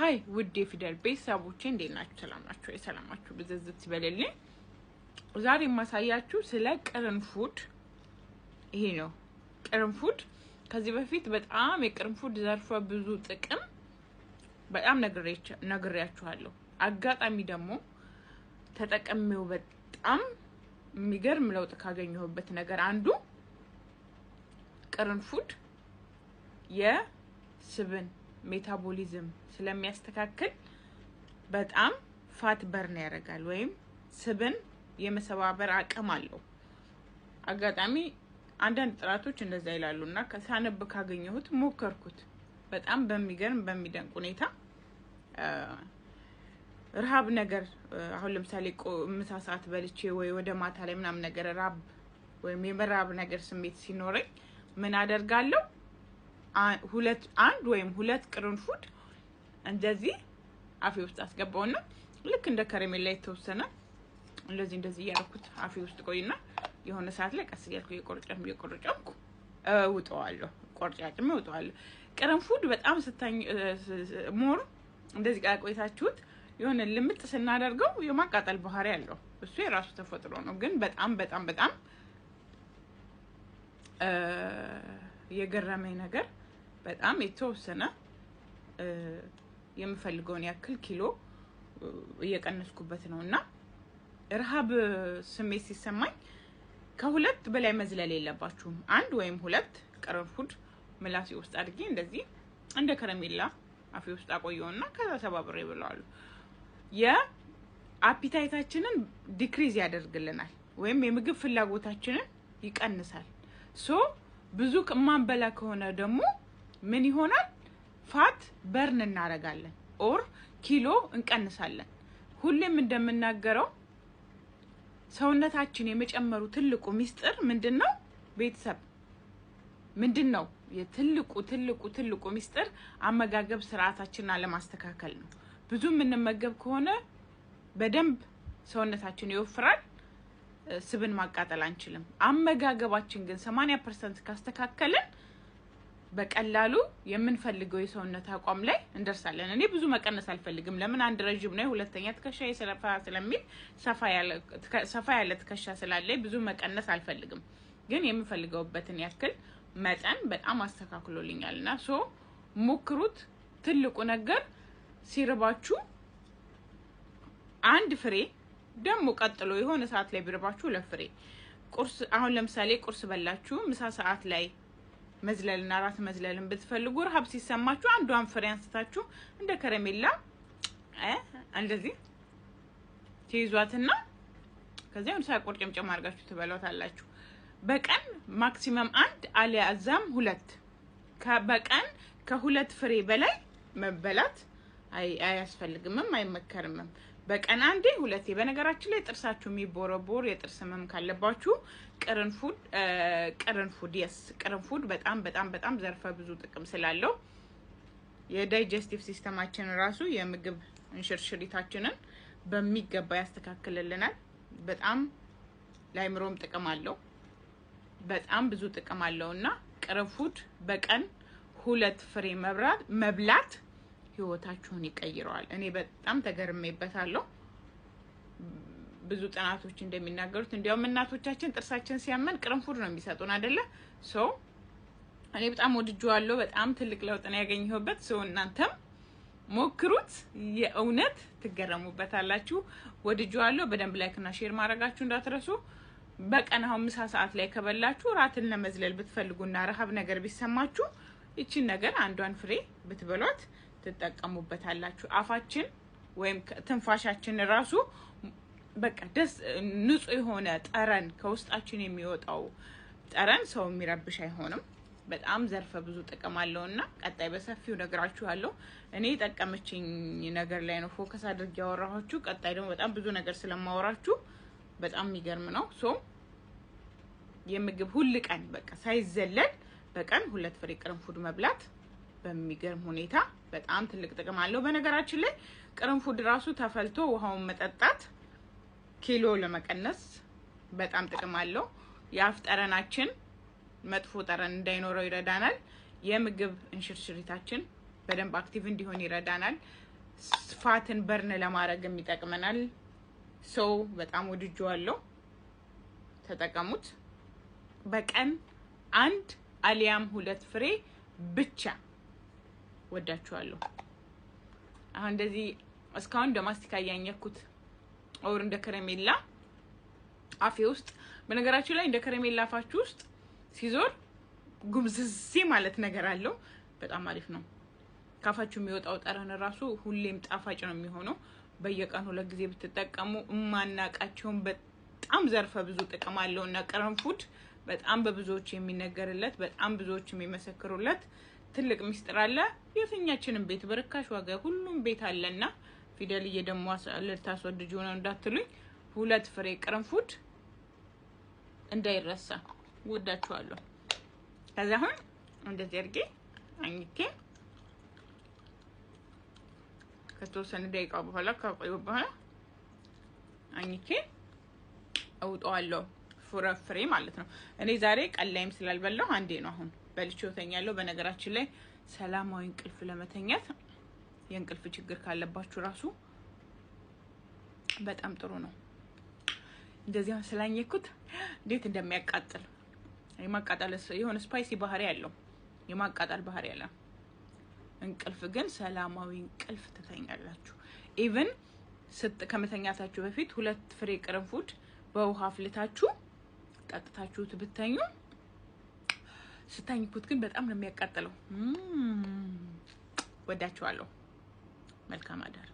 ሀይ ውድ የፊደል ቤተሰቦቼ እንዴት ናችሁ? ሰላም ናችሁ? የሰላማችሁ ብዝዝት ይበልልኝ። ዛሬ የማሳያችሁ ስለ ቅርንፉድ ይሄ ነው። ቅርንፉድ ከዚህ በፊት በጣም የቅርንፉድ ዘርፈ ብዙ ጥቅም በጣም ነግሬያችኋለሁ። አጋጣሚ ደግሞ ተጠቀሜው በጣም የሚገርም ለውጥ ካገኘሁበት ነገር አንዱ ቅርንፉድ የስብን ሜታቦሊዝም ስለሚያስተካክል በጣም ፋት በርን ያደርጋል ወይም ስብን የመሰባበር አቅም አለው። አጋጣሚ አንዳንድ ጥራቶች እንደዛ ይላሉ እና ከሳነብ ካገኘሁት ሞከርኩት። በጣም በሚገርም በሚደንቅ ሁኔታ ረሀብ ነገር አሁን ለምሳሌ ምሳ ሰዓት በልቼ ወይ ወደ ማታ ላይ ምናምን ነገር ራብ ወይም የመራብ ነገር ስሜት ሲኖረኝ ምን አደርጋለሁ? ሁለት አንድ ወይም ሁለት ቅርንፉድ እንደዚህ አፌ ውስጥ አስገባውና ልክ እንደ ከረሜላ የተወሰነ እንደዚህ እንደዚህ እያደረኩት አፌ ውስጥ ቆይና የሆነ ሰዓት ላይ ቀስ እያልኩ እየቆርጨም እየቆርጨምኩ እውጠዋለሁ። ቆርጫጭም እውጠዋለሁ። ቅርንፉድ በጣም ስታኝ ሞር እንደዚህ ቃ ቆይታችሁት የሆነ ልምጥ ስናደርገው የማቃጠል ባህሪ አለው። እሱ የራሱ ተፈጥሮ ነው። ግን በጣም በጣም በጣም የገረመኝ ነገር በጣም የተወሰነ የምፈልገውን ያክል ኪሎ እየቀነስኩበት ነው እና ረሃብ ስሜት ሲሰማኝ ከሁለት በላይ መዝለል የለባችሁም። አንድ ወይም ሁለት ቅርንፉድ ምላሴ ውስጥ አድጌ እንደዚህ እንደ ከረሜላ አፌ ውስጥ አቆየውና ከዛ ሰባብሬ ብለዋሉ። የአፒታይታችንን ዲክሪዝ ያደርግልናል ወይም የምግብ ፍላጎታችንን ይቀንሳል። ሶ ብዙ ማንበላ ከሆነ ደግሞ ምን ይሆናል? ፋት በርን እናደርጋለን ኦር ኪሎ እንቀንሳለን። ሁሌም እንደምናገረው ሰውነታችን የመጨመሩ ትልቁ ሚስጥር ምንድን ነው? ቤተሰብ ምንድን ነው? የትልቁ ትልቁ ትልቁ ሚስጥር አመጋገብ ስርዓታችንን አለማስተካከል ነው። ብዙ የምንመገብ ከሆነ በደንብ ሰውነታችን ይወፍራል። ስብን ማቃጠል አንችልም። አመጋገባችን ግን ሰማንያ ፐርሰንት ካስተካከልን በቀላሉ የምንፈልገው የሰውነት አቋም ላይ እንደርሳለን። እኔ ብዙ መቀነስ አልፈልግም። ለምን አንድ ረዥም ነው፣ ሁለተኛ ትከሻ ስለሚል ሰፋ ያለ ትከሻ ስላለኝ ብዙ መቀነስ አልፈልግም። ግን የምፈልገውበትን ያክል መጠን በጣም አስተካክሎልኛል እና ሶ ሞክሩት። ትልቁ ነገር ሲርባችሁ አንድ ፍሬ ደግሞ ቀጥሎ የሆነ ሰዓት ላይ ቢርባችሁ ሁለት ፍሬ ቁርስ አሁን ለምሳሌ ቁርስ በላችሁ ምሳ ሰዓት ላይ መዝለልና ራስ መዝለልን ብትፈልጉ ረሀብ ሲሰማችሁ አንዷን ፍሬ አንስታችሁ እንደ ከረሜላ እንደዚህ ትይዟትና ከዚያ ሁን ሳይቆር ጭምጭም አድርጋችሁ ትበሏታላችሁ። በቀን ማክሲመም አንድ አሊያ ሁለት በቀን ከሁለት ፍሬ በላይ መበላት አያስፈልግምም አይመከርምም። በቀን አንዴ ሁለቴ። በነገራችን ላይ ጥርሳችሁ የሚቦረቦር የጥርስ ህመም ካለባችሁ ቅርንፉድ ቅርንፉድ የስ ቅርንፉድ በጣም በጣም በጣም ዘርፈ ብዙ ጥቅም ስላለው የዳይጀስቲቭ ሲስተማችን ራሱ የምግብ እንሽርሽሪታችንን በሚገባ ያስተካክልልናል። በጣም ለአይምሮም ጥቅም አለው። በጣም ብዙ ጥቅም አለው እና ቅርንፉድ በቀን ሁለት ፍሬ መብላት ህይወታችሁን ይቀይረዋል። እኔ በጣም ተገርሜበታለሁ። ብዙ ጥናቶች እንደሚናገሩት እንዲያውም እናቶቻችን ጥርሳችን ሲያመን ቅርንፉድ ነው የሚሰጡን አይደለ? ሰው እኔ በጣም ወድጄዋለሁ። በጣም ትልቅ ለውጥ ነው ያገኘሁበት። ሰው እናንተም ሞክሩት፣ የእውነት ትገረሙበታላችሁ። ወድጄዋለሁ። በደንብ ላይክና ሼር ማድረጋችሁ እንዳትረሱ። በቀን አሁን ምሳ ሰዓት ላይ ከበላችሁ ራትን ለመዝለል ብትፈልጉና ረሀብ ነገር ቢሰማችሁ ይቺን ነገር አንዷን ፍሬ ብትበሏት ትጠቀሙበታላችሁ። አፋችን ወይም ትንፋሻችን ራሱ በቃ ደስ ንጹህ የሆነ ጠረን ከውስጣችን የሚወጣው ጠረን ሰው የሚረብሽ አይሆንም። በጣም ዘርፈ ብዙ ጥቅም አለው እና ቀጣይ በሰፊው ነግራችኋለሁ። እኔ ጠቀመችኝ ነገር ላይ ነው ፎከስ አድርጌ ያወራኋችሁ። ቀጣይ ደግሞ በጣም ብዙ ነገር ስለማወራችሁ በጣም የሚገርም ነው። ሶ የምግብ ሁል ቀን በቃ ሳይዘለል በቀን ሁለት ፍሬ ቅርንፉድ መብላት በሚገርም ሁኔታ በጣም ትልቅ ጥቅም አለው። በነገራችን ላይ ቅርንፉድ ራሱ ተፈልቶ ውሃውን መጠጣት ኪሎ ለመቀነስ በጣም ጥቅም አለው። የአፍ ጠረናችን መጥፎ ጠረን እንዳይኖረው ይረዳናል። የምግብ እንሽርሽሪታችን በደንብ አክቲቭ እንዲሆን ይረዳናል። ስፋትን በርን ለማድረግም ይጠቅመናል። ሰው በጣም ወድጆ አለው። ተጠቀሙት። በቀን አንድ አሊያም ሁለት ፍሬ ብቻ ወዳችኋለሁ። አሁን እንደዚህ እስካሁን እንደ ማስቲካ እያኘኩት ኦር እንደ ከረሜላ አፌ ውስጥ በነገራችሁ ላይ እንደ ከረሜላ አፋችሁ ውስጥ ሲዞር ጉምዝዜ ማለት ነገር አለው። በጣም አሪፍ ነው። ካፋችሁ የሚወጣው ጠረን ራሱ ሁሌም ጣፋጭ ነው የሚሆነው። በየቀኑ ሁለት ጊዜ ብትጠቀሙ እማናቃቸውን በጣም ዘርፈ ብዙ ጥቅም አለው እና ቅርንፉድ በጣም በብዙዎች የሚነገርለት በጣም ብዙዎች የሚመሰክሩለት ትልቅ ሚስጥር አለ። የትኛችንም ቤት በርካሽ ዋጋ ሁሉም ቤት አለና ፊደልዬ ደግሞ ልታስወድጅ ሆነ እንዳትሉኝ። ሁለት ፍሬ ቅርንፉድ እንዳይረሳ ወዳችኋለሁ። ከዚ አሁን እንደዚህ አድርጌ አኝኬ ከተወሰነ ደቂቃ በኋላ ካቆየ በኋላ አኝኬ እውጠዋለሁ። ፍረፍሬ ማለት ነው። እኔ ዛሬ ቀላይም ስላልበላሁ አንዴ ነው አሁን በልቼው ተኛለሁ። በነገራችን ላይ ሰላማዊ እንቅልፍ ለመተኛት የእንቅልፍ ችግር ካለባችሁ ራሱ በጣም ጥሩ ነው። እንደዚህ አሁን ስላኘኩት እንዴት እንደሚያቃጥል የማቃጠል የሆነ ስፓይሲ ባህሪ ያለው የማቃጠል ባህሪ ያለ እንቅልፍ ግን ሰላማዊ እንቅልፍ ትተኛላችሁ። ኢቭን ከመተኛታችሁ በፊት ሁለት ፍሬ ቅርንፉድ በውሃ አፍልታችሁ ጠጥታችሁት ብተኙ ስታኝኩት ግን በጣም ነው የሚያቃጥለው። ወዳችኋለሁ። መልካም አዳር